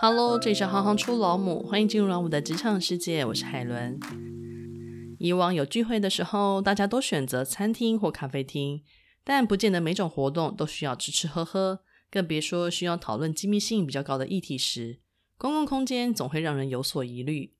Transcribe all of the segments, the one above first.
哈嘍，Hello, 這裡是行行出老母，歡迎進入老母的職場世界，我是海倫。以往有聚會的時候，大家都選擇餐廳或咖啡廳，但不見得每種活動都需要吃吃喝喝，更別說需要討論機密性比較高的議題時，公共空間總會讓人有所疑慮。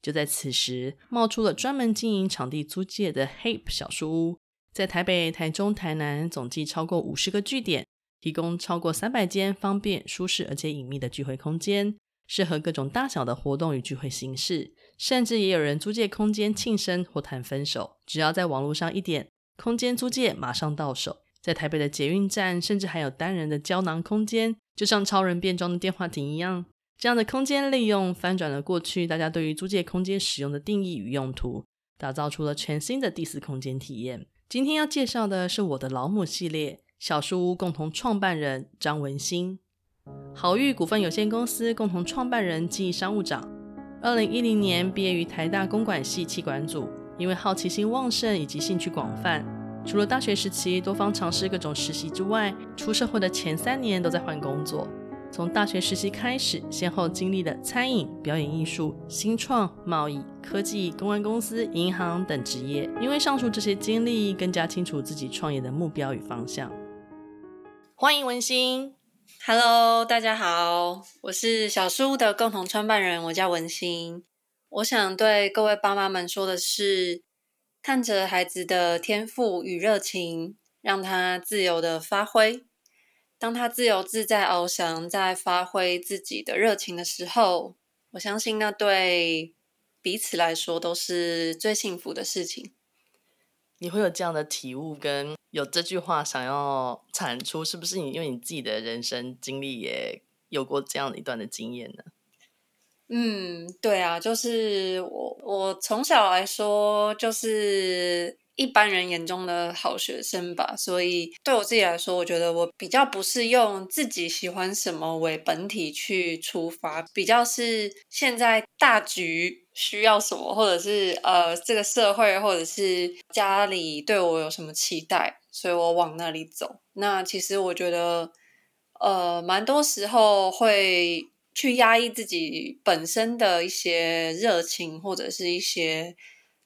就在此時，冒出了專門經營場地租借的 Happ. 小樹屋，在台北、台中、台南總計超過五十個據點。提供超過三百間方便、舒適而且隱密的聚會空間，適合各種大小的活動與聚會形式，甚至也有人租借空間慶生或談分手。只要在網絡上一點，空間租借馬上到手。在台北的捷運站，甚至還有單人的膠囊空間，就像超人變裝的電話亭一樣。這樣的空間利用，翻轉了過去大家對於租借空間使用的定義與用途，打造出了全新的第四空間體驗。今天要介紹的是我的老母系列。小樹屋共同創辦人張文馨，好域股份有限公司共同創辦人暨商務長。二零一零年畢業於台大工管系企管組，因為好奇心旺盛以及興趣廣泛，除了大學時期多方嘗試各種實習之外，出社會的前三年都在換工作。從大學實習開始，先後經歷了餐飲、表演藝術、新創、貿易、科技、公關公司、銀行等職業。因為上述這些經歷，更加清楚自己創業的目標與方向。歡迎文馨，Hello，大家好，我是小樹屋的共同創辦人，我叫文馨。我想對各位爸媽們說的是，看着孩子的天賦與熱情，讓他自由的發揮，當他自由自在翱翔，在發揮自己的熱情的時候，我相信那對彼此來說都是最幸福的事情。你會有這樣的體悟，跟有這句話想要產出，是不是你因為你自己的人生經歷也有過這樣一段的經驗呢？嗯，對啊，就是我我從小來說，就是一般人眼中的好學生吧，所以對我自己來說，我覺得我比較不是用自己喜歡什麼為本體去出發，比較是現在大局。需要什麼，或者是呃，這個社會或者是家裡對我有什麼期待，所以我往那裡走。那其實我覺得，呃，蠻多時候會去壓抑自己本身的一些熱情或者是一些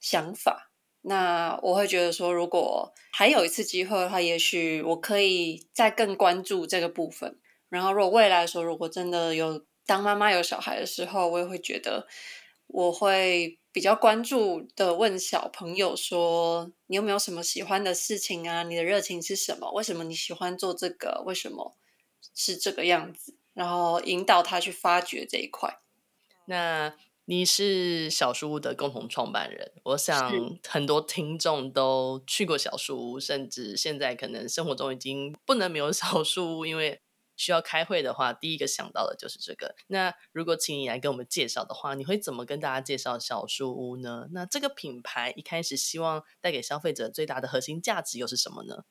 想法。那我會覺得說，如果還有一次機會的話，也許我可以再更關注這個部分。然後，如果未來說，如果真的有當媽媽有小孩的時候，我也會覺得。我會比較關注的問小朋友說：“你有沒有什麼喜歡的事情啊？你的熱情是什麼？為什麼你喜歡做這個？為什麼是這個樣子？”然後引導他去發掘這一塊。那你是小樹屋的共同創辦人，嗯、我想很多聽眾都去過小樹屋，是甚至現在可能生活中已經不能沒有小樹屋，因為。需要開會的話，第一個想到的就是這個。那如果請你來跟我們介紹的話，你會怎麼跟大家介紹小樹屋呢？那這個品牌一開始希望帶給消費者最大的核心價值又是什麼呢？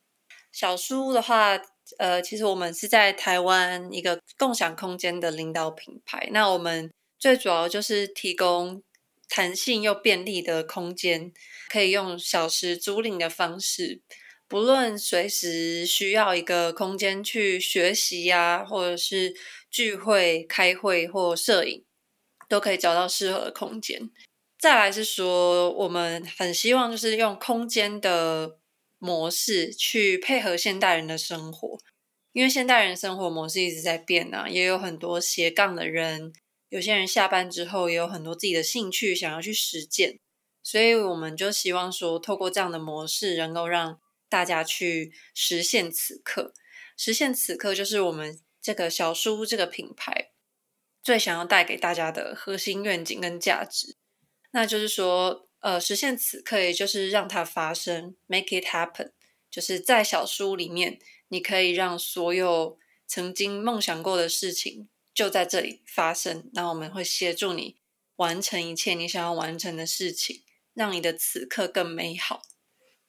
小樹屋的話，呃，其實我們是在台灣一個共享空間的領導品牌。那我們最主要就是提供彈性又便利的空間，可以用小時租賃的方式。不論隨時需要一個空間去學習呀，或者是聚會、開會或攝影，都可以找到適合的空間。再來是說，我們很希望就是用空間的模式去配合現代人的生活，因為現代人生活模式一直在變啊，也有很多斜槓的人，有些人下班之後也有很多自己的興趣想要去實踐，所以我們就希望說，透過這樣的模式，能夠讓大家去實現此刻，實現此刻就是我們這個小樹屋這個品牌最想要帶給大家的核心願景跟價值。那就是說，呃，實現此刻也就是讓它發生，make it happen，就是在小樹屋裡面，你可以讓所有曾經夢想過的事情就在這裡發生。那我們會協助你完成一切你想要完成的事情，讓你的此刻更美好。.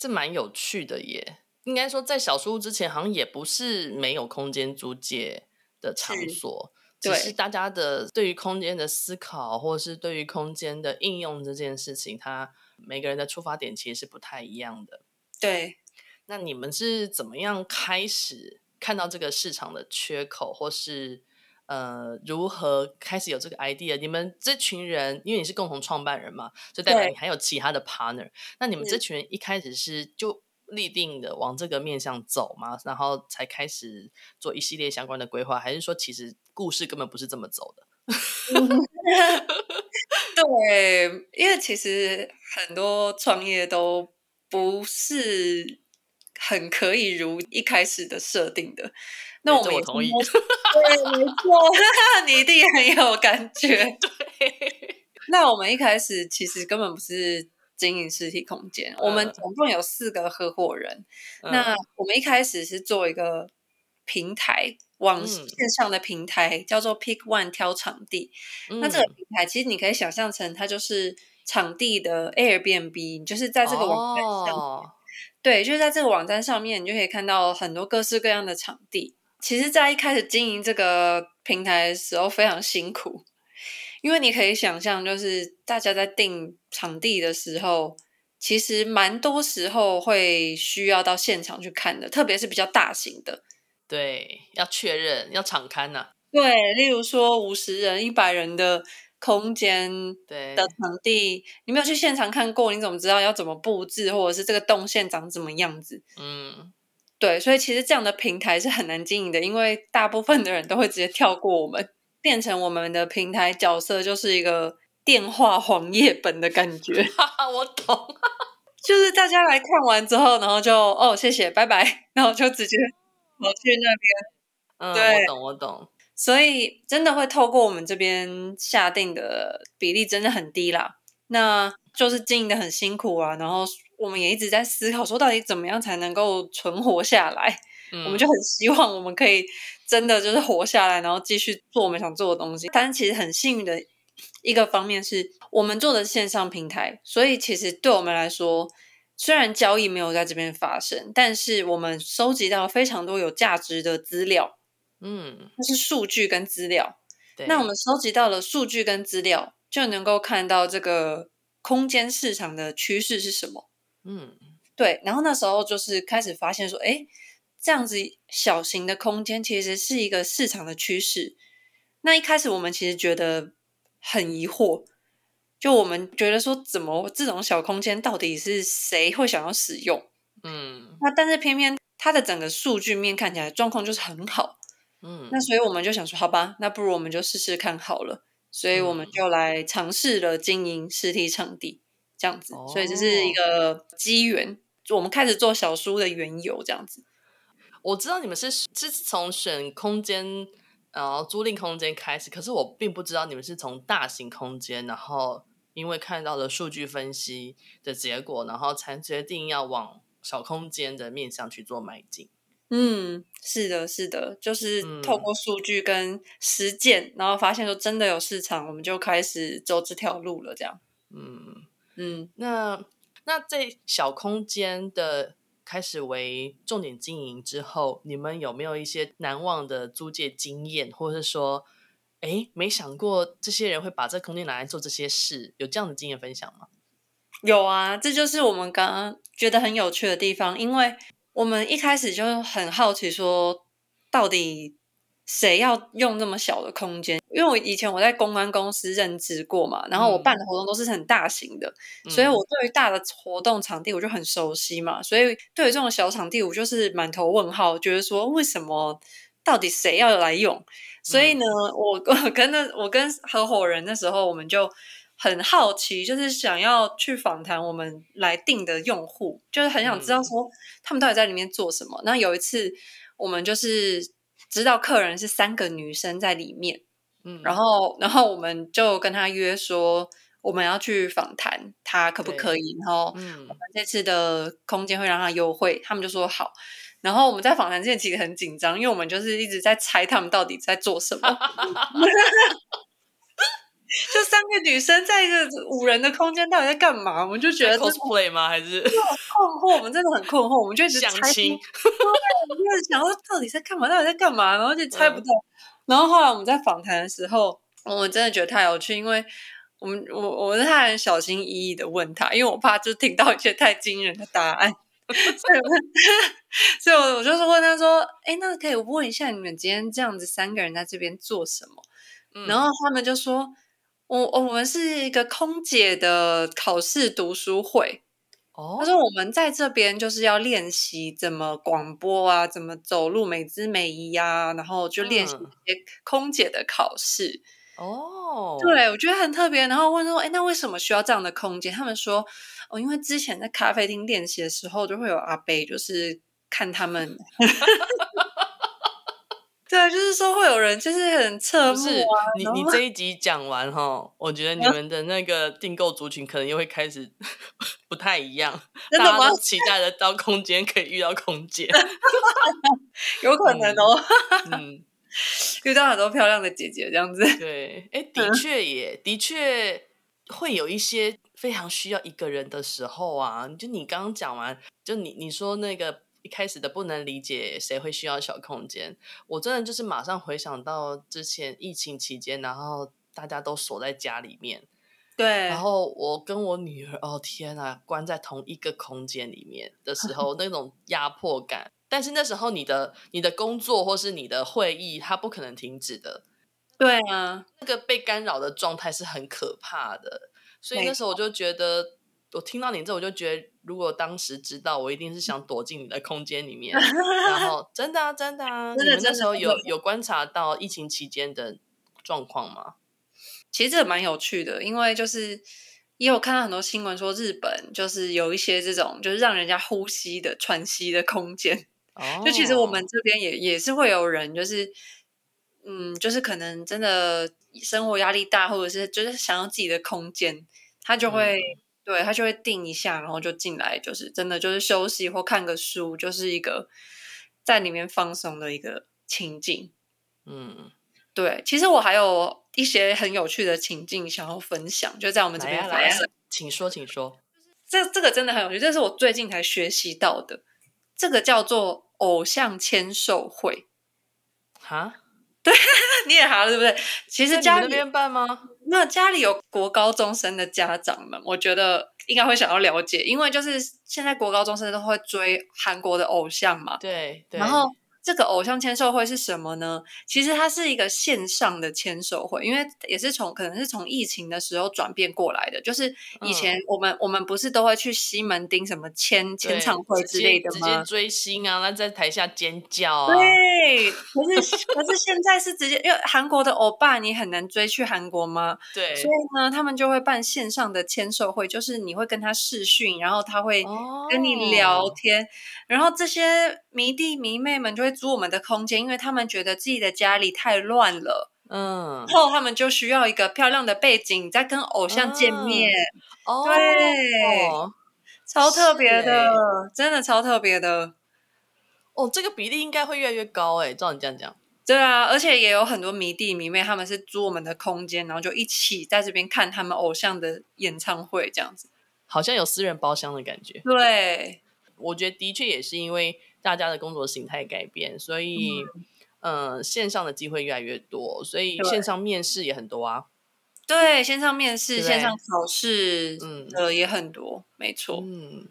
是蠻有趣的耶，應該說在小樹屋之前，好像也不是沒有空間租借的場所，是對，只是大家的對於空間的思考，或是對於空間的應用這件事情，他每個人的出發點其實是不太一樣的。對，那你們是怎麼樣開始看到這個市場的缺口，或是？呃，如何開始有這個 idea？你們這群人，因為你是共同創辦人嘛，就代表你還有其他的 partner 對。那你們這群人一開始是就立定的往這個面向走嘛，是然後才開始做一系列相關的規劃，還是說其實故事根本不是這麼走的？ 對，因為其實很多創業都不是。很可以如一開始的設定的，那我們也、欸、我同意，對，沒錯，你一定很有感覺。對，那我們一開始其實根本不是經營實體空間，我們總共有四個合夥人。嗯、那我們一開始是做一個平台，往線上的平台叫做 Pick One 挑場地。嗯、那這個平台其實你可以想象成它就是場地的 Airbnb，就是在這個網站上。哦對，就在這個網站上面，你就可以看到很多各式各樣的場地。其實，在一開始經營這個平台的時候，非常辛苦，因為你可以想象，就是大家在訂場地的時候，其實蠻多時候會需要到現場去看的，特別是比較大型的。對，要確認，要場勘吶。對，例如說五十人、一百人的。空間的場地，對你沒有去現場看過，你怎麼知道要怎麼佈置，或者是這個動線長怎麼樣子？嗯，對，所以其實這樣的平台是很難經營的，因為大部分的人都會直接跳過我們，變成我們的平台角色就是一個電話黃頁本的感覺。哈哈，我懂， 就是大家來看完之後，然後就哦謝謝，拜拜，然後就直接我去那邊。嗯，對我懂，我懂。所以真的會透過我們這邊下定的比例真的很低啦，那就是經營的很辛苦啊，然後我們也一直在思考說到底怎麼樣才能夠存活下來，嗯。我們就很希望我們可以真的就是活下來，然後繼續做我們想做的東西。但是其實很幸運的一個方面是我們做的線上平台，所以其實對我們來說，雖然交易沒有在這邊發生，但是我們收集到非常多有價值的資料。嗯，它是數據跟資料。對，那我們收集到了數據跟資料，就能夠看到這個空間市場的趨勢是什麼。嗯，對。然後那時候就是開始發現說，哎，這樣子小型的空間其實是一個市場的趨勢。那一開始我們其實覺得很疑惑，就我們覺得說，怎麼這種小空間到底是誰會想要使用？嗯，那但是偏偏它的整個數據面看起來狀況就是很好。嗯，那所以我們就想說，好吧，那不如我們就試試看好了。所以我們就來嘗試了經營實體場地，這樣子。哦，所以這是一個機緣，我們開始做小樹屋的緣由這樣子。我知道你們是是從選空間，然後租賃空間開始，可是我並不知道你們是從大型空間，然後因為看到了數據分析的結果，然後才決定要往小空間的面向去做邁進。嗯，是的，是的，就是透過數據跟實踐，嗯、然後發現說真的有市場，我們就開始走這條路了，這樣。嗯嗯，嗯那那在小空間的開始為重點經營之後，你們有沒有一些難忘的租借經驗，或者是說，哎、欸，沒想過這些人會把這空間拿來做這些事，有這樣的經驗分享嗎？有啊，這就是我們剛剛覺得很有趣的地方，因為。我們一開始就很好奇，說到底誰要用那麼小的空間？因為我以前我在公關公司任職過嘛，然後我辦的活動都是很大型的，所以我對於大的活動場地我就很熟悉嘛。所以對於這種小場地，我就是滿頭問號，就是說為什麼到底誰要來用？所以呢，我跟那我跟合夥人的時候，我們就。很好奇，就是想要去訪談我們來訂的用戶，就是很想知道說他們到底在裡面做什麼。嗯、那有一次，我們就是知道客人是三個女生在裡面，嗯、然後然後我們就跟他約說我們要去訪談他可不可以？對然後我們這次的空間會讓他優惠，他們就說好。然後我們在訪談之前其實很緊張，因為我們就是一直在猜他們到底在做什麼。 就三個女生在一個五人的空間，到底在幹嘛？我們就覺得 cosplay、這個、嗎？還是困惑？我們真的很困惑，我們就一直猜想清、 哦、我們就一直想說到底在幹嘛？到底在幹嘛？然後就猜不到。嗯、然後後來我們在訪談的時候，我們真的覺得太有趣，因為我們我我是很小心翼翼的問他，因為我怕就聽到一些太驚人的答案， 所以我 所以，我就是問他說：“哎、嗯欸，那可以我問一下你們今天這樣子三個人在這邊做什麼？”嗯、然後他們就說。我我們是一個空姐的考試讀書會，他、oh. 說我們在這邊就是要練習怎麼廣播啊，怎麼走路美姿美儀啊，然後就練習一些空姐的考試。哦，oh. 對，我覺得很特別。然後問說，哎，那為什麼需要這樣的空間？他們說，哦，因為之前在咖啡廳練習的時候，就會有阿伯，就是看他們。 對就是說會有人就是很側目，啊。不是你，你這一集講完哈，我覺得你們的那個訂購族群可能又會開始不太一樣。真的嗎？大家都期待着到空間可以遇到空姐， 有可能哦，嗯，遇到 很多漂亮的姐姐這樣子。對，哎，的確也的確會有一些非常需要一個人的時候啊。就你剛剛講完，就你你說那個。一開始的不能理解，誰會需要小空間？我真的就是馬上回想到之前疫情期間，然後大家都鎖在家裡面，對，然後我跟我女兒，哦天啊，關在同一個空間裡面的時候，那種壓迫感。 但是那時候你的你的工作或是你的會議，它不可能停止的，對啊，那個被干擾的狀態是很可怕的。所以那時候我就覺得。我聽到你這，我就覺得，如果當時知道，我一定是想躲進你的空間裡面。 然後，真的，真的，你們那時候有有觀察到疫情期間的狀況嗎？其實這蠻有趣的，因為就是也有看到很多新聞說，日本就是有一些這種就是讓人家呼吸的喘息的空間。哦。就其實我們這邊也也是會有人，就是嗯，就是可能真的生活壓力大，或者是就是想要自己的空間，他就會。嗯對，他就會定一下，然後就進來，就是真的就是休息或看個書，就是一個在裡面放鬆的一個情境。嗯，對，其實我還有一些很有趣的情境想要分享，就在我們這邊發生。請說，請說。這這個真的很有趣，這是我最近才學習到的，這個叫做偶像簽售會。哈，對， 你也哈，對不對？其實家裡，在那邊辦嗎？那家裡有國高中生的家長們，我覺得應該會想要了解，因為就是現在國高中生都會追韓國的偶像嘛。對，對。然後。這個偶像簽售會是什麼呢？其實它是一個線上的簽售會，因為也是從可能是從疫情的時候轉變過來的。就是以前我們、嗯、我們不是都會去西門町什麼簽對簽唱會之類的嗎？直、直接追星啊，那在台下尖叫、啊。對，可是 可是現在是直接，因為韓國的歐巴你很難追去韓國嗎？對，所以呢，他們就會辦線上的簽售會，就是你會跟他視訊，然後他會跟你聊天，哦、然後這些。迷弟迷妹們就會租我們的空間，因為他們覺得自己的家裡太亂了，嗯，然後他們就需要一個漂亮的背景，再跟偶像見面，嗯、對哦，超特別的，是真的超特別的。哦，這個比例應該會越來越高，哎，照你這樣講，對啊，而且也有很多迷弟迷妹，他們是租我們的空間，然後就一起在這邊看他們偶像的演唱會，這樣子，好像有私人包廂的感覺。對，我覺得的確也是因為。大家的工作形態改變，所以，嗯、呃，線上的機會越來越多，所以線上面試也很多啊。對，對，線上面試、線上考試，呃，也很多，嗯、沒錯。嗯，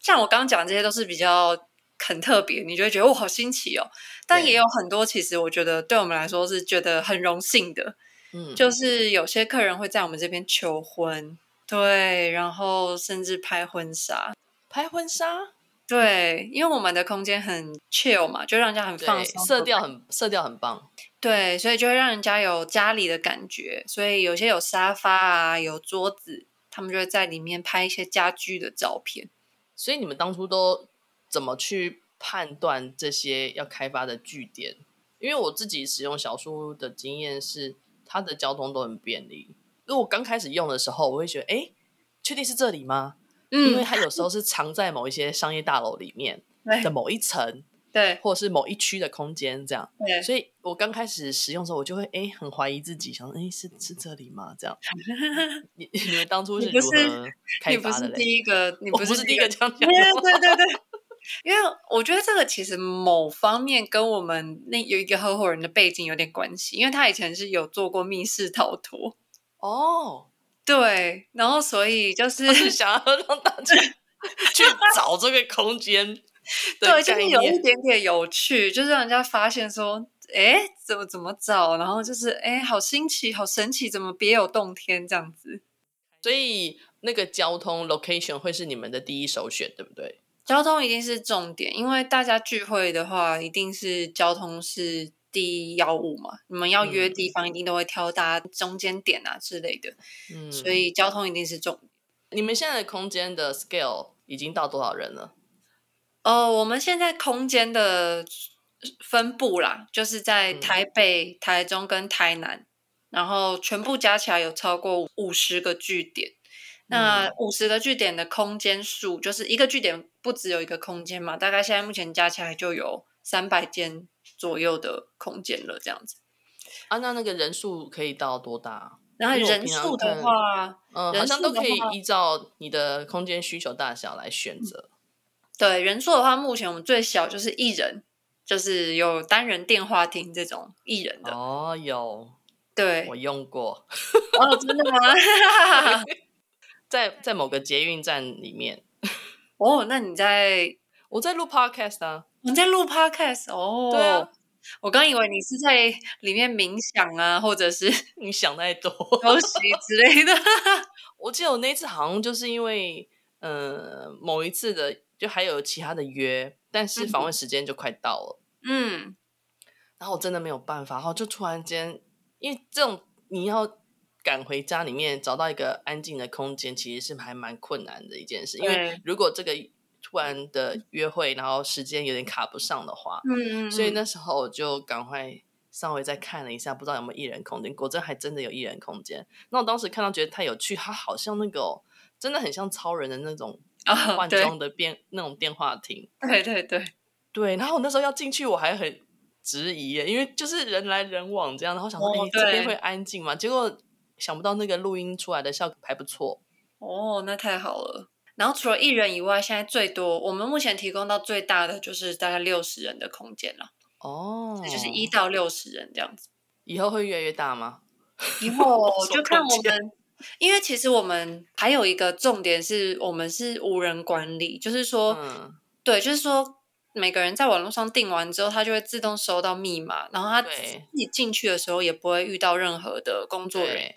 像我剛剛講，這些都是比較很特別，你就會覺得哇，好新奇哦。但也有很多，其實我覺得對，對我們來說是覺得很榮幸的。嗯，就是有些客人會在我們這邊求婚，對，然後甚至拍婚紗，拍婚紗。對，因為我們的空間很 chill 嘛，就讓人家很放鬆，色調很色調很棒。對，所以就會讓人家有家裡的感覺。所以有些有沙發啊，有桌子，他們就會在裡面拍一些家居的照片。所以你們當初都怎麼去判斷這些要開發的據點？因為我自己使用小樹的經驗是，它的交通都很便利。如果剛開始用的時候，我會覺得，哎，確定是這裡嗎？嗯，因為它有時候是藏在某一些商業大樓裡面的某一層，對，或者是某一區的空間這樣。對，所以我剛開始使用的時候，我就會哎、欸、很懷疑自己，想說哎、欸、是是這裡嗎？這樣， 你你們當初是如何你不是？開發的嘞？第一個，你不是，一不是第一個這樣講 對，對對對，因為我覺得這個其實某方面跟我們那有一個合夥人的背景有點關係，因為他以前是有做過密室逃脫哦。對，然後所以就是、是想要讓大家去找這個空間， 對，就是有一點點有趣，就是讓人家發現說，哎，怎麼怎麼找，然後就是哎，好新奇，好神奇，怎麼別有洞天這樣子。所以那個交通 location 會是你們的第一首選，對不對？交通一定是重點，因為大家聚會的話，一定是交通是。第一要務嘛，你們要約地方，一定都會挑大中間點啊之類的，嗯，所以交通一定是重。你們現在的空間的 scale 已經到多少人了？哦，我們現在空間的分布啦，就是在台北、嗯、台中跟台南，然後全部加起來有超過五十個據點。嗯、那五十個據點的空間數，就是一個據點不只有一個空間嘛，大概現在目前加起來就有三百間左右的空間了。這樣子啊？那那個人數可以到多大？然後人數的話，嗯、呃，好像都可以依照你的空間需求大小來選擇，嗯。對，人數的話，目前我們最小就是一人，就是有單人電話亭這種一人的哦，有，對，我用過 哦，真的嗎？ 在在某個捷運站裡面 哦，那你在，我在錄 podcast 啊。你在錄 podcast 哦、oh, 啊？對我剛以為你是在裡面冥想啊，或者是你想太多休息之類的。 我記得我那次好像就是因為，嗯、呃、某一次的就還有其他的約，但是訪問時間就快到了，嗯，然後我真的沒有辦法，然後就突然間，因為這種你要趕回家裡面找到一個安靜的空間，其實是還蠻困難的一件事，對因為如果這個。不然的約會，然後時間有點卡不上的話，嗯，嗯，嗯，所以那時候我就趕快稍微再看了一下，不知道有沒有藝人空間，果真還真的有藝人空間。那我當時看到覺得太有趣，它好像那個、哦、真的很像超人的那種換裝的變、啊、那種電話亭，對對對對。然後我那時候要進去，我還很質疑耶，因為就是人來人往這樣，然後想說哦、欸、你這邊會安靜嗎？對結果想不到那個錄音出來的效果還不錯哦，那太好了。然後除了一人以外，現在最多我們目前提供到最大的就是大概六十人的空間了。哦，oh. 就是一到六十人這樣子。以後會越來越大嗎？以後就看我們，因為其實我們還有一個重點是，我們是無人管理，就是說，嗯、對，就是說每個人在網絡上訂完之後，他就會自動收到密碼，然後他自己進去的時候也不會遇到任何的工作人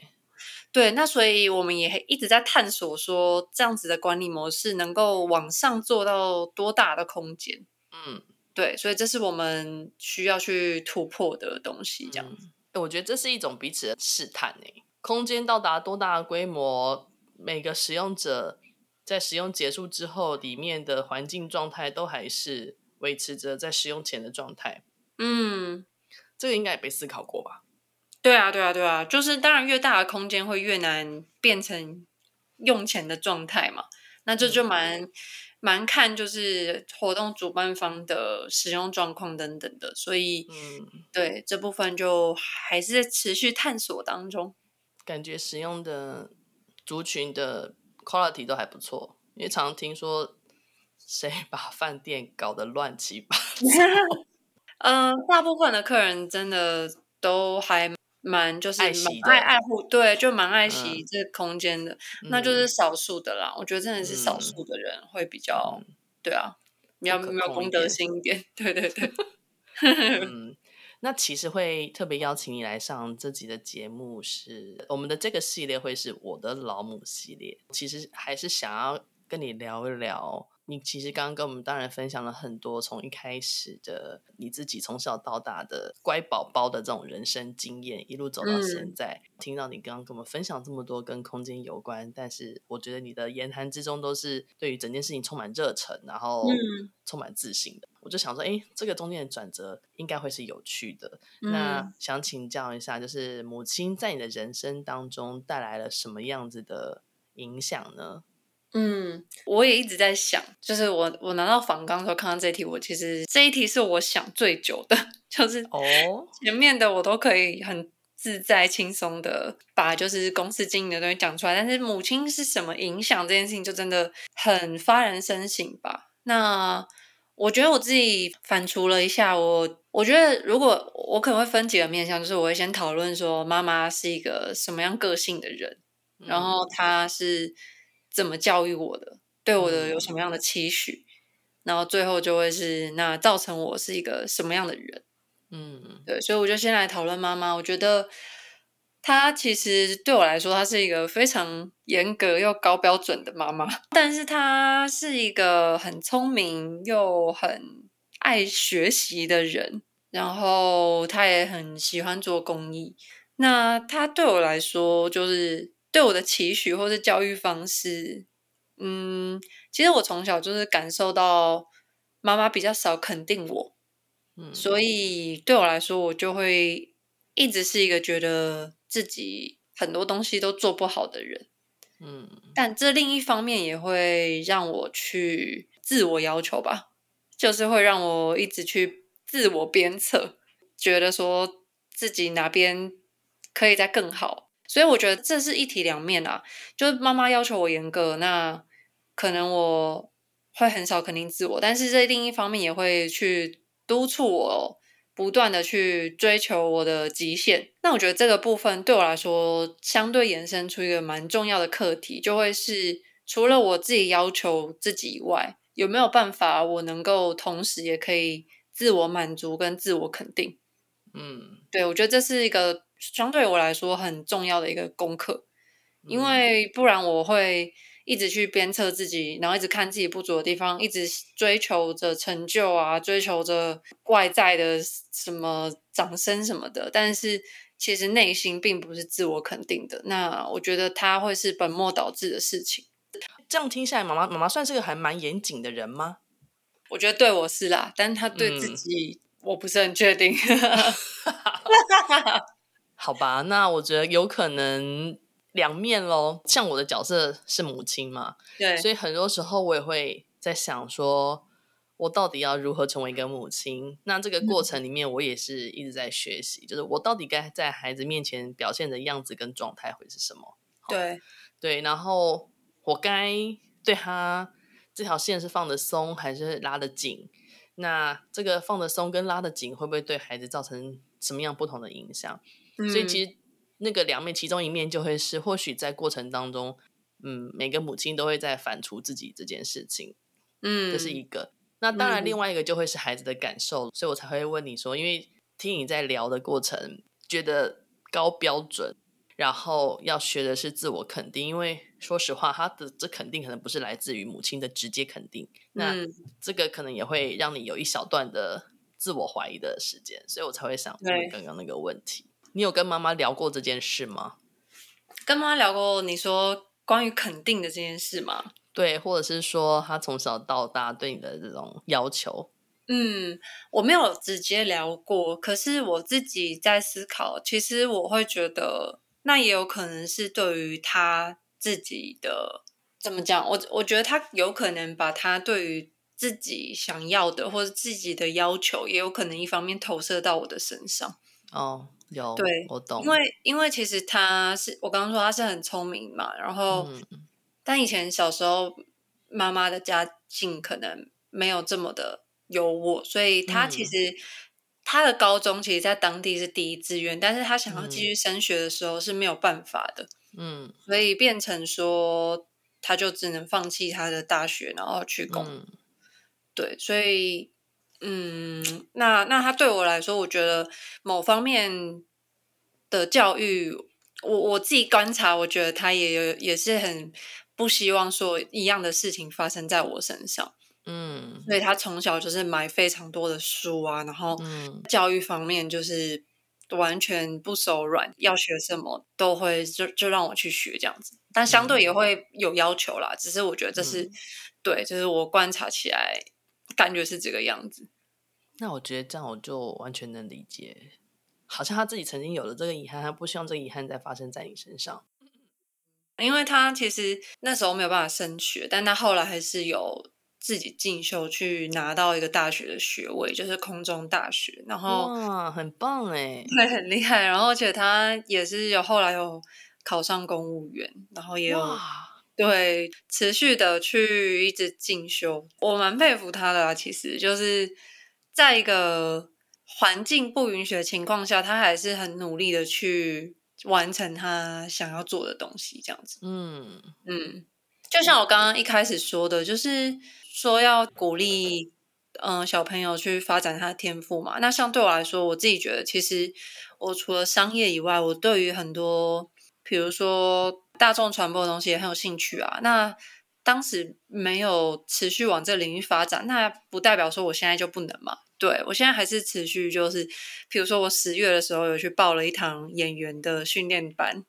對，那所以我們也一直在探索說，說這樣子的管理模式能夠往上做到多大的空間？嗯，對，所以這是我們需要去突破的東西。這樣子、嗯，我覺得這是一種彼此的試探呢、欸。空間到達多大的規模，每個使用者在使用結束之後，裡面的環境狀態都還是維持着在使用前的狀態。嗯，這個應該也被思考過吧？對啊，對啊，對啊，就是當然越大的空間會越難變成用錢的狀態嘛，那這就，就蠻、嗯、蠻看就是活動主辦方的使用狀況等等的，所以、嗯、對這部分就還是在持續探索當中。感覺使用的族群的 quality 都還不錯，因為常聽說誰把飯店搞得亂七八糟。 嗯，大部分的客人真的都還蠻。蠻就是蠻愛、愛護，對，對，就蠻愛惜這空間的，嗯、那就是少數的啦。嗯、我覺得真的是少數的人會比較，嗯、對啊，你要比較公德心一點。對對對， 嗯，那其實會特別邀請你來上這集的節目是，是我們的這個系列會是我的老母系列。其實還是想要跟你聊一聊。你其實剛剛跟我們當然分享了很多從一開始的你自己從小到大的乖寶寶的這種人生經驗，一路走到現在。嗯、聽到你剛剛跟我們分享這麼多跟空間有關，但是我覺得你的言談之中都是對於整件事情充滿熱忱，然後充滿自信的。嗯、我就想說，誒，這個中間的轉折應該會是有趣的。嗯、那想請教一下，就是母親在你的人生當中帶來了什麼樣子的影響呢？嗯，我也一直在想，就是我我拿到訪綱的時候看到這一題，我其實這一題是我想最久的，就是哦前面的我都可以很自在輕鬆的把就是公司經營的東西講出來，但是母親是什麼影響這件事情就真的很發人深省吧。那我覺得我自己反芻了一下，我我覺得如果我可能會分幾個面向，就是我會先討論說媽媽是一個什麼樣個性的人，嗯、然後她是。怎麼教育我的，對我的有什麼樣的期許，嗯、然後最後就會是那造成我是一個什麼樣的人，嗯，對，所以我就先來討論媽媽。我覺得她其實對我來說，她是一個非常嚴格又高標準的媽媽，但是她是一個很聰明又很愛學習的人，然後她也很喜歡做公益。那她對我來說就是。對我的期許或是教育方式，嗯，其實我從小就是感受到媽媽比較少肯定我，嗯，所以對我來說，我就會一直是一個覺得自己很多東西都做不好的人，嗯，但這另一方面也會讓我去自我要求吧，就是會讓我一直去自我鞭策，覺得說自己哪邊可以再更好。所以我覺得這是一體兩面啊，就是媽媽要求我嚴格，那可能我會很少肯定自我，但是這另一方面也會去督促我不斷的去追求我的極限。那我覺得這個部分對我來說，相對延伸出一個蠻重要的課題，就會是除了我自己要求自己以外，有沒有辦法我能夠同時也可以自我滿足跟自我肯定？嗯，對，我覺得這是一個。相對我來說很重要的一個功課，因為不然我會一直去鞭策自己，然後一直看自己不足的地方，一直追求着成就啊，追求着外在的什麼掌聲什麼的。但是其實內心並不是自我肯定的。那我覺得它會是本末倒置的事情。這樣聽下來，媽媽媽媽算是個還蠻嚴謹的人嗎？我覺得對我是啦，但她對自己，嗯，我不是很確定。 好吧，那我覺得有可能兩面嘍。像我的角色是母親嘛，對，所以很多時候我也會在想，說我到底要如何成為一個母親？那這個過程裡面，我也是一直在學習，嗯、就是我到底該在孩子面前表現的樣子跟狀態會是什麼？對對，然後我該對他這條線是放得鬆還是拉得緊？那這個放得鬆跟拉得緊，會不會對孩子造成什麼樣不同的影響？所以其實那個兩面，其中一面就會是，或許在過程當中，嗯，每個母親都會在反芻自己這件事情，嗯，這是一個。那當然，另外一個就會是孩子的感受，嗯、所以我才會問你說，因為聽你在聊的過程，覺得高標準，然後要學的是自我肯定，因為說實話，他的這肯定可能不是來自於母親的直接肯定，那這個可能也會讓你有一小段的自我懷疑的時間，所以我才會想問剛剛那個問題。你有跟媽媽聊過這件事嗎？跟媽媽聊過，你說關於肯定的這件事嗎？對，或者是說他從小到大對你的這種要求？嗯，我沒有直接聊過，可是我自己在思考，其實我會覺得，那也有可能是對於他自己的怎麼講？我我覺得他有可能把他對於自己想要的或者自己的要求，也有可能一方面投射到我的身上。哦。有，對，我懂。因為，因為其實他是我剛剛說他是很聰明嘛，然後，嗯、但以前小時候媽媽的家境可能沒有這麼的優渥，所以他其實、嗯、他的高中其實在當地是第一志願，但是他想要繼續升學的時候是沒有辦法的，嗯，所以變成說他就只能放棄他的大學，然後去工，嗯、對，所以。嗯，那那他對我來說，我覺得某方面的教育，我我自己觀察，我覺得他也有也是很不希望說一樣的事情發生在我身上。嗯，所以他從小就是買非常多的書啊，然後教育方面就是完全不手軟，嗯，要學什麼都會就就讓我去學這樣子，但相對也會有要求啦。嗯，只是我覺得這是，嗯，對，就是我觀察起來。感覺是這個樣子，那我覺得這樣我就完全能理解。好像他自己曾經有了這個遺憾，他不希望這個遺憾再發生在你身上。因為他其實那時候沒有辦法升學，但他後來還是有自己進修去拿到一個大學的學位，就是空中大學。然後哇，很棒哎。對，很厲害。然後而且他也是有後來有考上公務員，然後也有。對，持續的去一直進修，我蠻佩服他的啊，其實就是在一個環境不允許的情況下，他還是很努力的去完成他想要做的東西。這樣子，嗯嗯，就像我剛剛一開始說的，就是說要鼓勵，嗯，呃，小朋友去發展他的天賦嘛。那像對我來說，我自己覺得，其實我除了商業以外，我對於很多，比如說。大眾傳播的東西也很有興趣啊。那當時沒有持續往這領域發展，那不代表說我現在就不能嘛。對我現在還是持續，就是譬如說我十月的時候有去報了一堂演員的訓練班，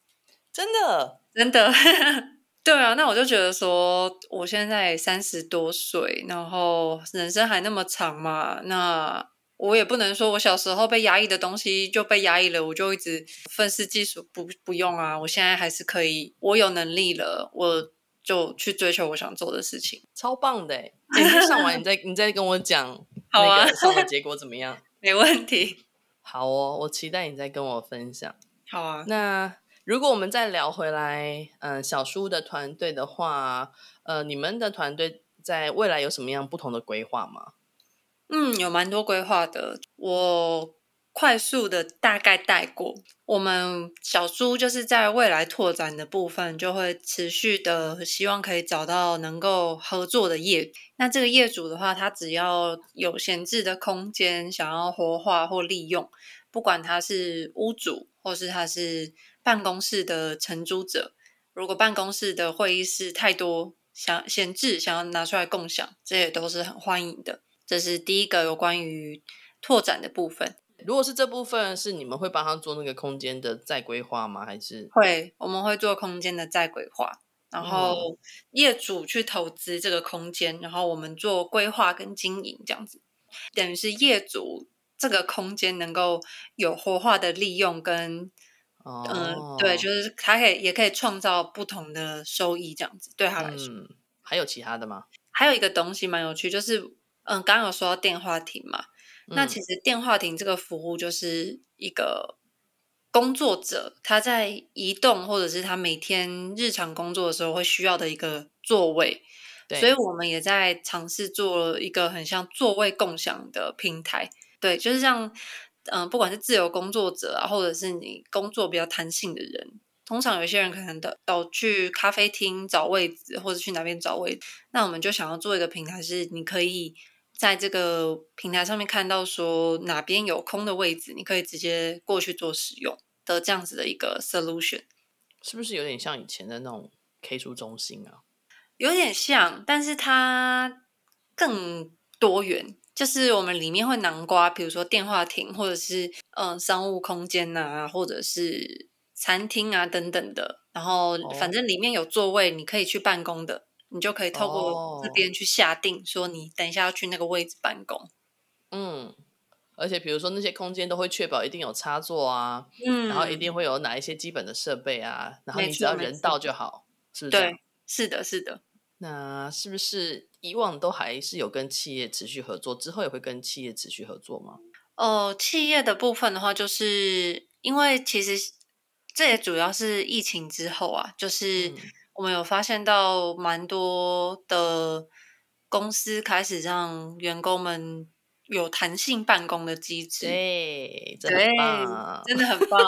真的真的，真的 對啊。那我就覺得說，我現在三十多歲，然後人生還那麼長嘛，那。我也不能說，我小時候被壓抑的東西就被壓抑了，我就一直憤世嫉俗，不不用啊！我現在還是可以，我有能力了，我就去追求我想做的事情，超棒的！今天上完你再 你再跟我講好啊。上的結果怎麼樣？啊、沒問題。好哦，我期待你再跟我分享。好啊。那如果我們再聊回來，嗯、呃，小樹屋的團隊的話，嗯、呃，你們的團隊在未來有什麼樣不同的規劃嗎？嗯，有蠻多規劃的。我快速的大概帶過，我們小樹屋就是在未來拓展的部分，就會持續的希望可以找到能夠合作的業主。那這個業主的話，他只要有閒置的空間想要活化或利用，不管他是屋主，或是他是辦公室的承租者，如果辦公室的會議室太多想閒置，想要拿出來共享，這也都是很歡迎的。這是第一個有關於拓展的部分。如果是這部分，是你們會幫他做那個空間的再規劃嗎？還是會我們會做空間的再規劃，然後業主去投資這個空間，然後我們做規劃跟經營，這樣子。等於是業主這個空間能夠有活化的利用跟，跟、哦、嗯，對，就是他可以也可以創造不同的收益，這樣子對他來說、嗯，還有其他的嗎？還有一個東西蠻有趣，就是。嗯，剛剛有說到電話亭嘛，嗯、那其實電話亭這個服務就是一個工作者他在移動，或者是他每天日常工作的時候會需要的一個座位。對所以我們也在嘗試做了一個很像座位共享的平台。對，就是像嗯，不管是自由工作者啊，或者是你工作比較彈性的人，通常有一些人可能得到去咖啡廳找位置，或者是去哪邊找位置。那我們就想要做一個平台，是你可以。在這個平台上面看到說哪邊有空的位置，你可以直接過去做使用的這樣子的一個 solution，是不是有點像以前的那種 K 書中心啊？有點像，但是它更多元，就是我們裡面會囊括，比如說電話亭或者是嗯、呃、商務空間啊，或者是餐廳啊等等的，然後反正裡面有座位，你可以去辦公的。Oh. 你就可以透過這邊去下定，說你等一下要去那個位置辦公。嗯，而且比如說那些空間都會確保一定有插座啊，嗯，然後一定會有哪一些基本的設備啊，然後你只要人到就好，沒錯，是不是？對，是的，是的。那是不是以往都還是有跟企業持續合作，之後也會跟企業持續合作嗎？哦、呃，企業的部分的話，就是因為其實這也主要是疫情之後啊，就是。嗯我們有發現到蠻多的公司開始讓員工們有彈性辦公的機制，對，真的很棒，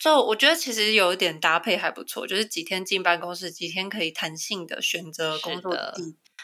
就 我覺得其實有一點搭配還不錯，就是幾天進辦公室，幾天可以彈性的選擇工作地。的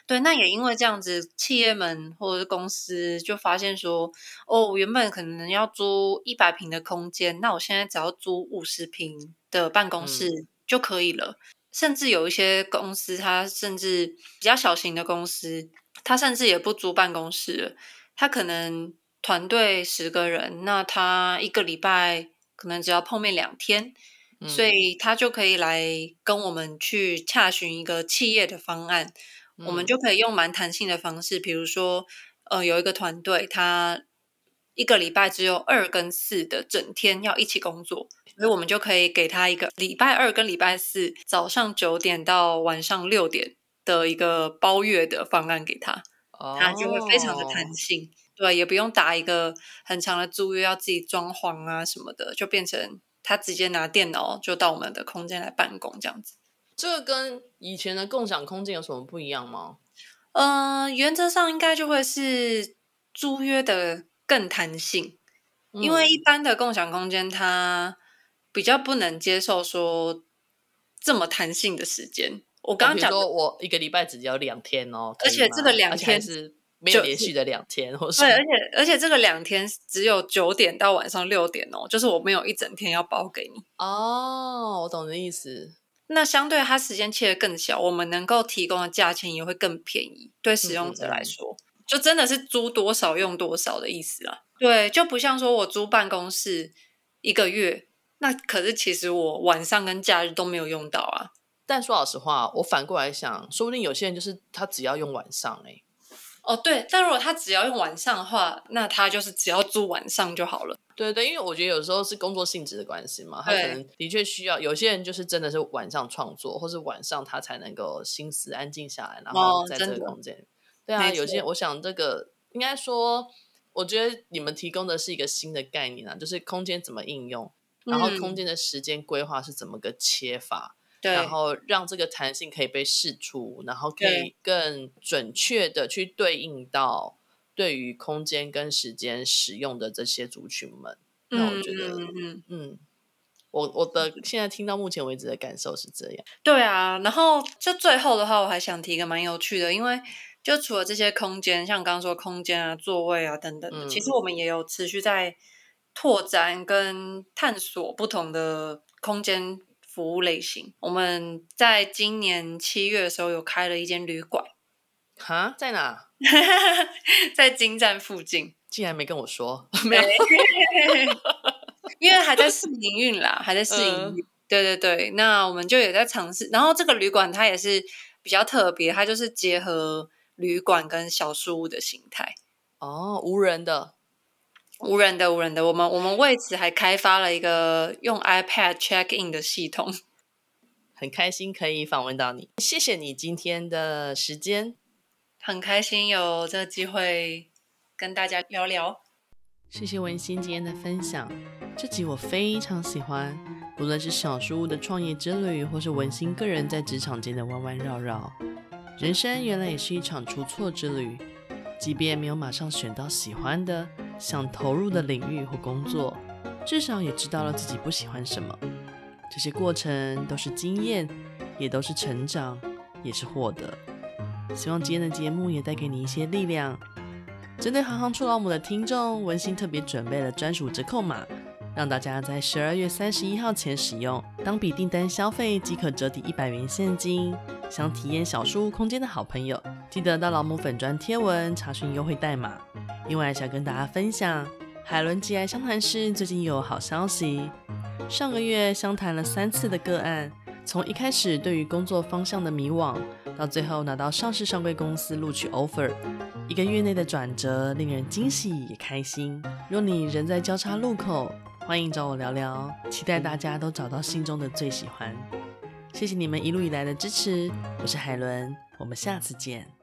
對，那也因為這樣子，企業們或者是公司就發現說，哦，原本可能要租一百坪的空間，那我現在只要租五十坪的辦公室就可以了。嗯甚至有一些公司，他甚至比較小型的公司，他甚至也不租辦公室，他可能團隊十個人，那他一個禮拜可能只要碰面兩天，嗯、所以他就可以來跟我們去洽詢一個企業的方案，嗯、我們就可以用蠻彈性的方式，比如說，呃，有一個團隊他。一個禮拜只有二跟四的整天要一起工作，所以我們就可以給他一個禮拜二跟禮拜四早上九點到晚上六點的一個包月的方案給他，oh. 他就會非常的彈性，對，也不用打一個很長的租約，要自己裝潢啊什麼的，就變成他直接拿電腦就到我們的空間來辦公這樣子。這個跟以前的共享空間有什麼不一樣嗎？嗯、呃，原則上應該就會是租約的。更彈性，因為一般的共享空間它比較不能接受說這麼彈性的時間。我剛剛講，哦、我一個禮拜只要兩天哦，而且這個兩天是沒有連續的兩天，或是就說對，而且而且這個兩天只有九點到晚上六點哦，就是我沒有一整天要包給你哦。我懂的意思。那相對它時間切的更小，我們能夠提供的價錢也會更便宜，對使用者來說。嗯就真的是租多少用多少的意思了。啊，對，就不像說我租辦公室一個月，那可是其實我晚上跟假日都沒有用到啊。但說老實話，我反過來想，說不定有些人就是他只要用晚上嘞，欸。哦，對，但如果他只要用晚上的話，那他就是只要租晚上就好了。對對對，因為我覺得有時候是工作性質的關係嘛，他可能的確需要。對有些人就是真的是晚上創作，或是晚上他才能夠心思安靜下來，然後在這個空間。哦。對啊，沒錯。有些我想這個應該說，我覺得你們提供的是一個新的概念啊，就是空間怎麼應用，然後空間的時間規劃是怎麼個切法，嗯、對，然後讓這個彈性可以被釋出，然後可以更準確的去對應到對於空間跟時間使用的這些族群們。嗯、那我覺得，嗯嗯嗯，嗯我我的現在聽到目前為止的感受是這樣。對啊，然後這最後的話，我還想提一個蠻有趣的，因為。就除了這些空間，像剛剛說空間啊、座位啊等等，嗯、其實我們也有持續在拓展跟探索不同的空間服務類型。我們在今年七月的時候有開了一間旅館，哈，在哪？ 在京站附近。竟然沒跟我說，沒有對。 因為還在試營運啦，還在試營運。嗯、對對對，那我們就也在嘗試。然後這個旅館它也是比較特別，它就是結合。旅館跟小樹屋的形態哦，無人的，無人的，無人的。我們我們為此還開發了一個用 iPad check in 的系統。很開心可以訪問到你，謝謝你今天的時間。很開心有這個機會跟大家聊聊，謝謝文馨今天的分享。這集我非常喜歡，無論是小樹屋的創業之旅，或是文馨個人在職場間的彎彎繞繞。人生原來也是一場出錯之旅，即便沒有馬上選到喜歡的、想投入的領域或工作，至少也知道了自己不喜歡什麼。這些過程都是經驗，也都是成長，也是獲得。希望今天的節目也帶給你一些力量。針對“行行出老母”的聽眾，文馨特別準備了專屬折扣碼，讓大家在十二月三十一號前使用，當筆訂單消費即可折抵一百元現金。想體驗小樹屋空間的好朋友，記得到老母粉專貼文查詢優惠代碼。另外，想跟大家分享，海倫及愛相談師最近有好消息。上個月相談了三次的個案，從一開始對於工作方向的迷惘，到最後拿到上市上櫃公司錄取 offer，一個月內的轉折令人驚喜也開心。若你人在交叉路口，歡迎找我聊聊。期待大家都找到心中的最喜歡。謝謝你們一路以來的支持，我是海倫，我們下次見。